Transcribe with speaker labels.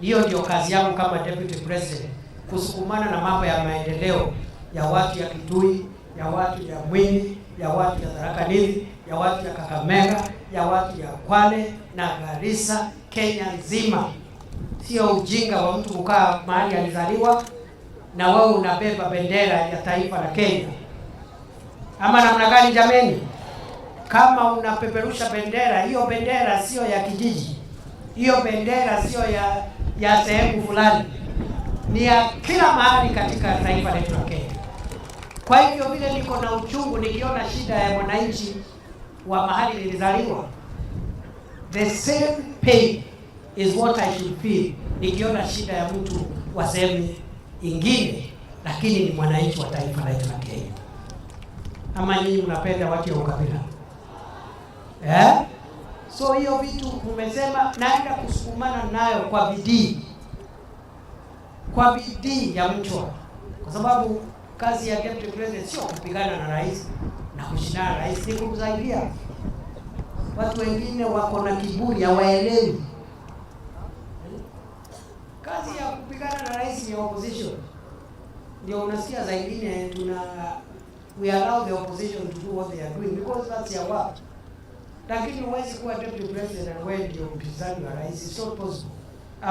Speaker 1: Hiyo ndio kazi yangu kama deputy president, kusukumana na mambo ya maendeleo ya watu ya Kitui, ya watu ya mwini ya watu ya Tharaka Nithi, ya watu ya Kakamega, ya watu ya Kwale na Garissa, Kenya nzima. Sio ujinga wa mtu kukaa mahali alizaliwa na wewe unabeba bendera ya taifa la Kenya ama namna gani? Jameni, kama unapeperusha bendera hiyo, bendera sio ya kijiji, hiyo bendera sio ya ya sehemu fulani ni ya kila mahali katika taifa letu la Kenya. Kwa hivyo vile niko na uchungu nikiona shida ya mwananchi wa mahali nilizaliwa, the same pain is what I should feel nikiona shida ya mtu wa sehemu ingine, lakini ni mwananchi wa taifa letu la Kenya. Ama nyinyi mnapenda watu wa ukabila eh? So hiyo vitu umesema naenda kusukumana nayo kwa bidii, kwa bidii ya mchwa, kwa sababu kazi ya deputy president sio kupigana na rais na kushindana na rais, ni kumsaidia. Watu wengine wako na kiburi, hawaelewi kazi ya kupigana na rais ni opposition. Ndio unasikia zaidi, tuna we allow the opposition to do what they are doing because that's their work lakini huwezi kuwa deputy president na wewe ndio mpinzani wa rais, so possible.